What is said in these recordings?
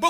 mbokk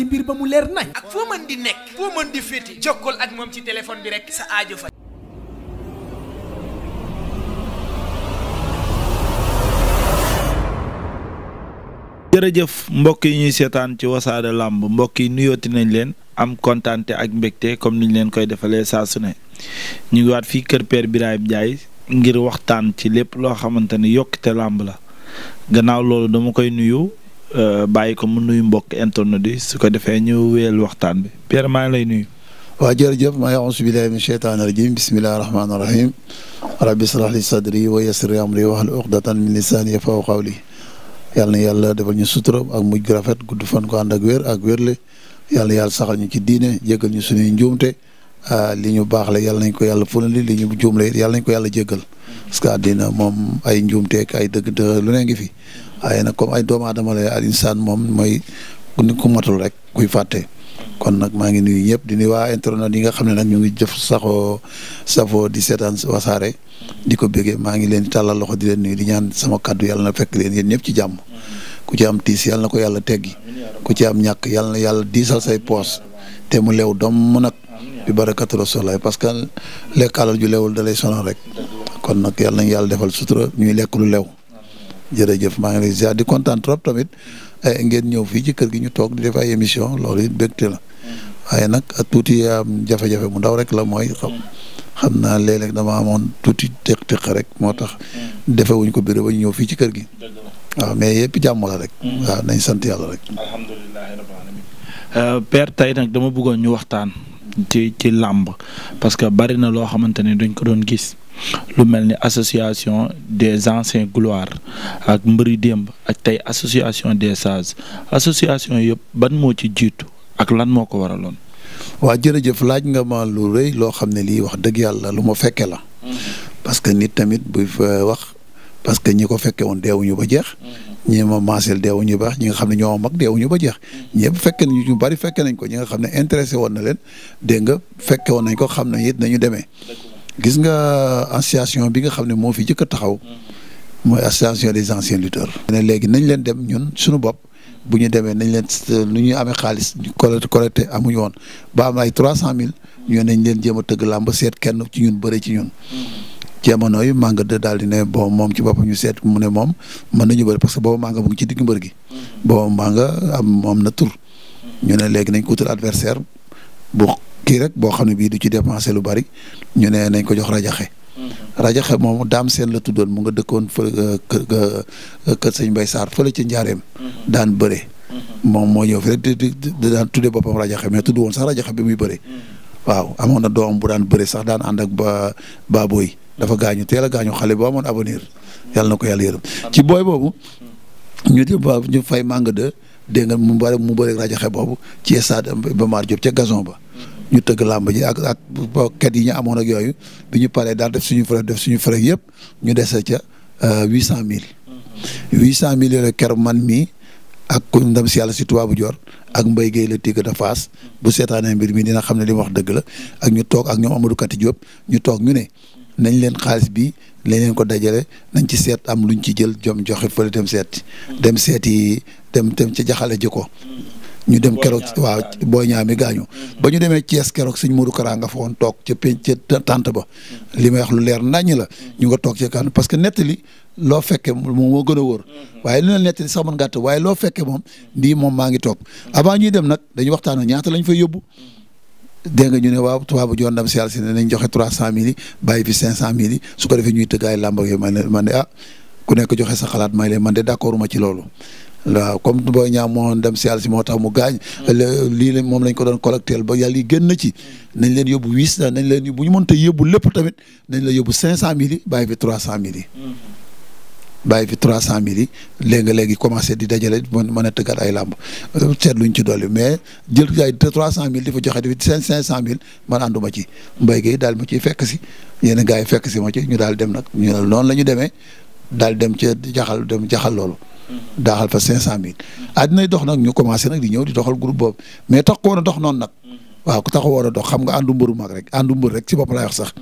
say mbir ba mu leer di nekk ak moom ci téléphone bi rek sa aajo jërëjëf mbokk yi ñuy seetaan ci wasaare làmb mbokk yi nuyooti nañ leen am kontaante ak mbegte comme niñ leen koy defalee saasu ne ñu waat fii kër Père Birahim Ndiaye ngir waxtaan ci lépp loo xamante ne yokkute làmb la gannaaw loolu dama koy nuyu Euh, bàyyi ko mu nuyu mbokk internet di su ko defee ñu wéyal waxtaan bi Pierre maa lay nuyu. waa jërëjëf maa auzu billaahi min sheytaani rajiim bismillaahi rahmaani rahiim rabbi israh li sadri wa yassir amri wahlul uqdatan min lisaani yafqahu qawli yàlla na yàlla defal ñu sutura ak muj gu rafet gudd fan ko ànd ak wér ak wérle yàlla yàlla saxal ñu ci diine jéggal ñu suñuy njuumte ah, li ñu baax la yàlla nañ ko yàlla fulandi li ñu juumle yàlla nañ ko yàlla jéggal parce que addina moom ay njuumteeg ay dëgg dëgg lu nee ngi fi waaye na comme ay doomu aadama la al insaan moom mooy ni ko matul rek kuy fàtte. kon nag maa ngi nuyu ñëpp di nuy waa internet di nga xam ne nag ñu ngi jëf saxoo safoo di seetaan wasaare. di ko bëggee maa ngi leen tàllal loxo di leen nuyu di ñaan sama kàddu yàlla na fekk leen yéen ñëpp ci jàmm. ku ci am tiis yàlla na ko yàlla teggi. ku ci am ñàkk yàlla na yàlla diisal say poos. te mu lew doom nag. bi barakatu rasulallah parce que lekk alal ju lewul da lay sonal rek. kon nag yàlla nañu yàlla defal sutura ñuy lekk lu lew. jërëjëf maa ngi lay ziar di kontaan trop tamit eh, ngeen ñëw fii ci kër gi ñu toog di def ay émission loolu it bégte la waaye nag tuuti am jafe-jafe bu ndaw rek la mooy xam xam naa léeg dama amoon tuuti teq-teq rek moo tax defewuñ ko bureau ba ñu ñëw fii ci kër gi waaw mais yëpp jàmm la rek waaw nañ sant yàlla rek alhamdulilah rabbil alamin eh, nag dama bëggoon ñu waxtaan ci ci làmb parce que bari na loo xamante ne duñ ko doon gi lu mel ni association des anciens gloires ak mbëri démb ak tey association des sages association yëpp ban moo ci jiitu ak lan moo ko waraloon. waa jërëjëf laaj nga ma lu rëy loo xam ne lii wax dëgg yàlla lu ma fekke la. Mm-hmm. parce que nit tamit bu fa wax parce que ñi ko fekke woon deewuñu ba jeex. Mm-hmm. ñi ma maaseel deewuñu baax ñi nga xam ne ñoo mag deewuñu ba jeex mm-hmm. ñëpp fekke nañu ñu bari fekke nañ ko ñi nga xam ne intéressé woon na leen dégg nga fekke woon nañ ko xam nañ it nañu demee. gis nga association bi nga xam ne moo fi jëkk taxaw. mooy association des anciens lutteurs. ne léegi nañ leen dem ñun suñu bopp bu ñu demee nañ leen nu ñuy amee xaalis ñu collecté collecté amuñu woon ba am ay trois cent mille ñu nañ leen jéem a tëgg làmb seet kenn ci ñun bëre ci ñun. jamono yi màng de daal di ne bon moom ci boppam ñu seet mu ne moom mën nañu bëri parce que boobu mànga mu ngi ci digg mbër gi. boo mànga am moom na tur. ñu ne léegi nañ ko utal adversaire bu kii rek boo xam ne bii du ci dépensé lu bari ñu ne nañ ko jox rajaxe mm-hmm. rajaxe moom daam seen la tuddoon mu nga dëkkoon fële euh, euh, kër sëñ Mbay Sarr fële ca njaareem mm-hmm. daan bëre mm-hmm. moom moo ñëw fi rek di di daan tuddee boppam rajaxe mais tudd woon sax rajaxe bi muy bëre waaw amoon na doom bu daan bëre sax daan ànd ak ba baabooy dafa gaañu teel a gaañu xale boo amoon avenir yàlla na ko yàlla yërëm ci booy boobu ñu di ñu fay màng de dégg mu bëri mu bëri rajaxe boobu ci stade ba maar Diop ca gazon ba ñu tëgg làmb ji ak ak ket yi ñu amoon ak yooyu bi ñu paree daal def suñu frais def suñu frais yëpp ñu dese ca euh, huit cent mille. huit cent mille yooyu keroog man mii ak ku ndam si yàlla si tubaabu joor ak Mbaye Guèye la Tigre de Fass bu seetaanee mbir mi dina xam ne li ma wax dëgg la ak ñu toog ak ñoom Amadou Kati ñu toog ñu ne nañ leen xaalis bi lañ leen ko dajale nañ ci seet am luñ ci jël jom joxe fële dem seet dem seeti dem dem ca jaxale ji ko ñu dem keroog waaw booy ñaa mi gaañu mm-hmm. ba ñu demee Thiès keroog sëñ Modou Kara nga fa woon toog ca penc ca ba mm-hmm. li may wax lu leer naññ la mm-hmm. ñu nga toog ca kan parce que nettali loo fekke moom moo gën a wóor waaye li na nettali sax man gàtt waaye loo fekke moom ndii moom maa ngi toog avant ñu dem nag dañu waxtaanoo ñaata lañ fay yóbbu dégg nga ñu ne waaw tubaabu joon dam si yàlla si ne nañ joxe trois cent mille yi bàyyi fi cinq ko defee ñuy tëggaay làmb yooyu man ne man ah, ku nekk joxe sa xalaat may leen man de d'accord ci loolu waaw comme booy ñaam moo dem si àll moo tax mu gaañ. Mm. lii la moom lañ ko doon collecteel ba yàlla yi génn na ci. nañ leen yóbbu huit cent nañ leen bu ñu mënta yóbbu lépp tamit nañ la yóbbu cinq cent mille yi bàyyi fi trois cent mille yi. Mm. bàyyi fi trois cent mille léegi léegi commencé di dajale mën mën a tëggat ay làmb euh, seet luñ dool dolli mais jël ay trois cent mille di fa joxe di cinq cinq cent mille man ànduma ci mbéy gi daal ma ciy fekk si yenn gars yi fekk si ma ci ñu daal dem nag ñu noonu la ñu demee daal dem ca jaxal dem jaxal loolu. daaxal fa cinq cent mille àddinay dox nag ñu commencé nag di ñëw di doxal groupe boobu mais tax ko woon a dox noonu nag waaw ku tax woon dox xam nga àndu mbëru mag rek àndu mbër rek si bopp laay sax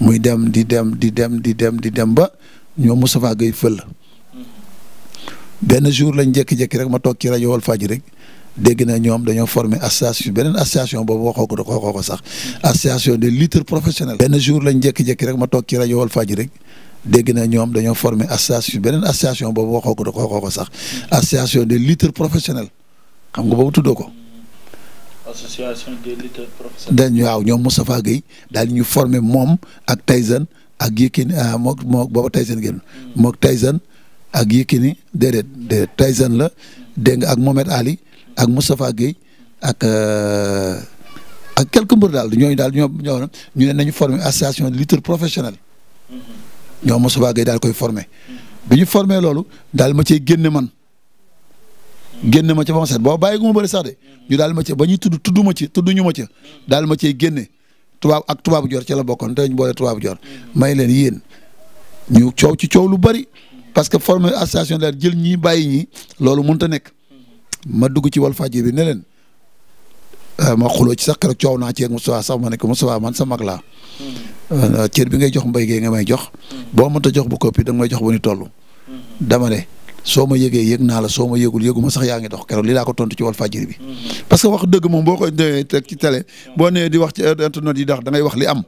muy dem di dem di dem di dem di dem ba ñoom Moustapha Gueye fël benn jour la jékki-jékki rek ma toog ci rajo Walfadjri rek dégg na ñoom dañoo formé association beneen association boobu waxoo ko sax association des lutteurs professionnels. benn jour lañ jékki-jékki rek ma toog ci rajo Walfadjri rek dégg na ñoom dañoo former association beneen association boobu waxoo ko waxoo sax association des lutteurs professionnels xam nga boobu tuddoo ko. association des lutteurs professionnels. dañ waaw ñoom Moustapha Guèye daal ñu former moom ak Tyson ak Yékini moom ah, moom booba Tyson génn. Hmm. moom Tyson ak Yékini déedéet déedéet Tyson la dégg nga ak Mohamed Ali ak Moustapha Guèye ak. Euh, ak quelques mbër daal ñooñu daal ñoo ñu ne nañu former association de lutteurs professionnels. Hmm. ñoom Moussa Gueye daal koy formé bi ñu formé loolu daal ma cee génne man génne ma ca ba ma set boo bàyyi gu ma bëri sax de ñu daal ma ca ba ñuy tudd tudd ci tudd ñu ma ca daal ma cee génne tubaab ak tubaabu joor ci la bokkoon te ñu boole tubaabu joor may leen yéen ñu coow ci coow lu bari parce que formé association daal jël ñii bàyyi ñii loolu mënut a nekk ma dugg ci wal Walfadjri bi ne leen euh, ma xuloo ci sax keroog coow naa ci ak Moustapha sax ma nekk ko Moustapha man sa mag laa Euh, cër bi ngay jox mbéy gee nga may jox mm. boo mënta jox bu copie da nga may jox bu ni toll mm-hmm. dama ne soo ma yëgee yëg naa la soo ma yëgul yëgu ma sax yaa ngi dox keroog lii laa ko tontu ci wal fajiri bi mm-hmm. parce que wax dëgg moom boo koy dee teg ci télé mm. di wax ci internet yi dax da ngay wax li am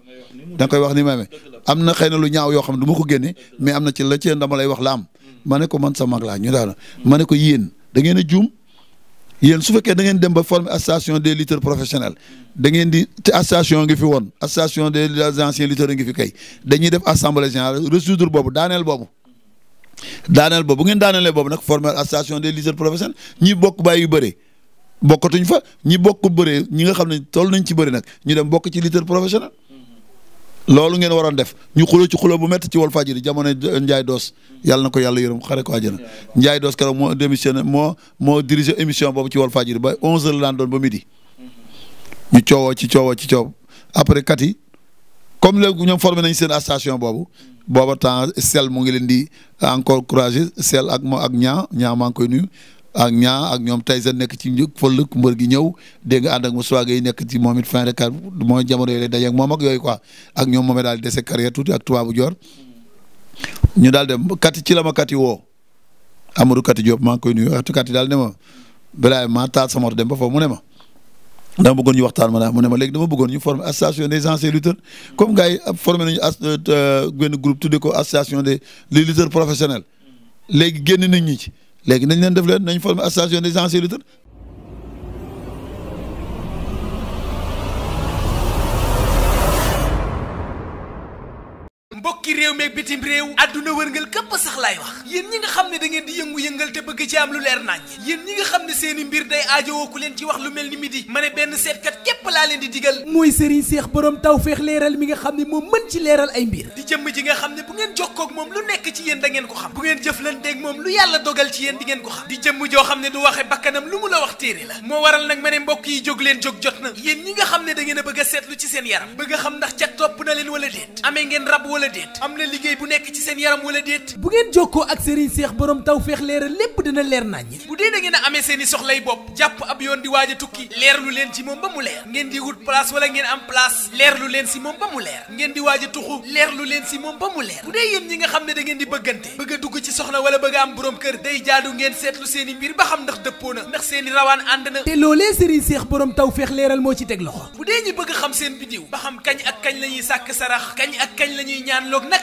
da nga koy wax ni ma am na xëy na lu ñaaw yoo xam ne du ma ko génne mais am na ci la ci dama lay wax la am mm. ma ne ko man sa mag laa ñu daal ma ne ko yéen da ngeen a yéen su fekkee da ngeen dem ba former association des lutteurs professionnels da ngeen di te association ngi fi woon association des anciens lutteurs ngi fi kay dañuy def assemblée générale résoudre boobu daaneel boobu. daaneel boobu bu ngeen daanelee boobu nag former association des lutteurs professionnels ñi bokk bàyyi yu bëri bokkatuñ fa ñi bokk bëree ñi nga xam ne toll nañ ci bëri nag ñu dem bokk ci lutteur professionnel. loolu ngeen waroon def ñu xuloo ci xuloo bu métti ci Walfadjri jamono Ndiaye Doss yàlla na ko yàlla yërëm xare ko àjjana Ndiaye Doss keroog moo démissionné moo moo dirigé émission boobu ci Walfadjri ba 11h la daan doon ba midi. ñu coowoo ci coowo ci coow après kat yi comme léegi ñoom formé nañ seen station boobu booba temps sel mu ngi leen di encore encouragé sel ak moo ak ñaa ñaa ngi koy nuyu ak ñaa ak ñoom Tyson nekk ci njëkk fël gi ñëw dégg nga ànd ak Moussa Gueye nekk ci moom it fin de carrière mooy jamono yooyu daje ak moom ak yooyu quoi ak ñoom moom daal dese carrière tuuti ak tubaabu joor ñu daal dem kati ci la ma kati woo Amadou Kati Diop maa ngi koy nuyu waxtu kati daal ne ma balaa maa taal sama moto dem ba foofu mu ne ma. dama bëggoon ñu waxtaan ma ne ma léegi dama bëggoon ñu former association des anciens lutteurs comme gars yi formé nañu as euh, benn groupe tuddee ko association des lutteurs professionnels léegi génn léegi nañ leen def leen nañ former association des anciens lutteurs réew meeg bitim réew adduna wërngal képp sax lay wax yéen ñi nga xam ne da ngeen di yëngu-yëngal te bëgg ci am lu leer nañ yéen ñi nga xam ne seeni mbir day aajowoo ku leen ci wax lu mel ni midi ma ne benn seetkat képp laa leen di digal mooy sëriñ seex borom tawfeex leeral mi nga xam ne moom mën ci leeral ay mbir di jëm ji nga xam ne bu ngeen jokkoog moom lu nekk ci yéen da ngeen ko xam bu ngeen jëflanteeg moom lu yàlla dogal ci yéen di ngeen ko xam di jëm joo xam ne du waxe bakkanam lu mu la wax téere la moo waral ma ne mbokk yi jóg leen jóg jot na yéen ñi nga xam ne da ngeen a bëgg ci seen yaram bëgg a xam ndax topp na leen wala déet amee ngeen rab wala déet am na liggéey bu nekk ci seen yaram wala déet bu ngeen jokkoo ak Serigne Seex borom tawfeex leeral lépp dina leer naññ bu dee da ngeen amee seen i soxlay bopp jàpp ab yoon di waaj tukki leer leen ci moom ba mu leer ngeen di wut place wala ngeen am place leer leen si moom ba mu leer ngeen di waaj tuxu leer leen si moom ba mu leer bu dee yéen ñi nga xam ne da ngeen di bëggante bëgg a dugg ci soxna wala bëgg a am borom kër day jaadu ngeen seetlu seen i na ndax seen i rawaan ànd na te loolee Serigne Seex borom tawfeex leeral moo ci teg loxo la ñuy sàkk sarax kañ ak kañ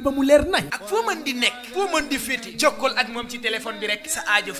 ba mu leer nañ ak foo man di nekk foo man di féete jokkool ak moom ci téléphone bi rek sa aajo fa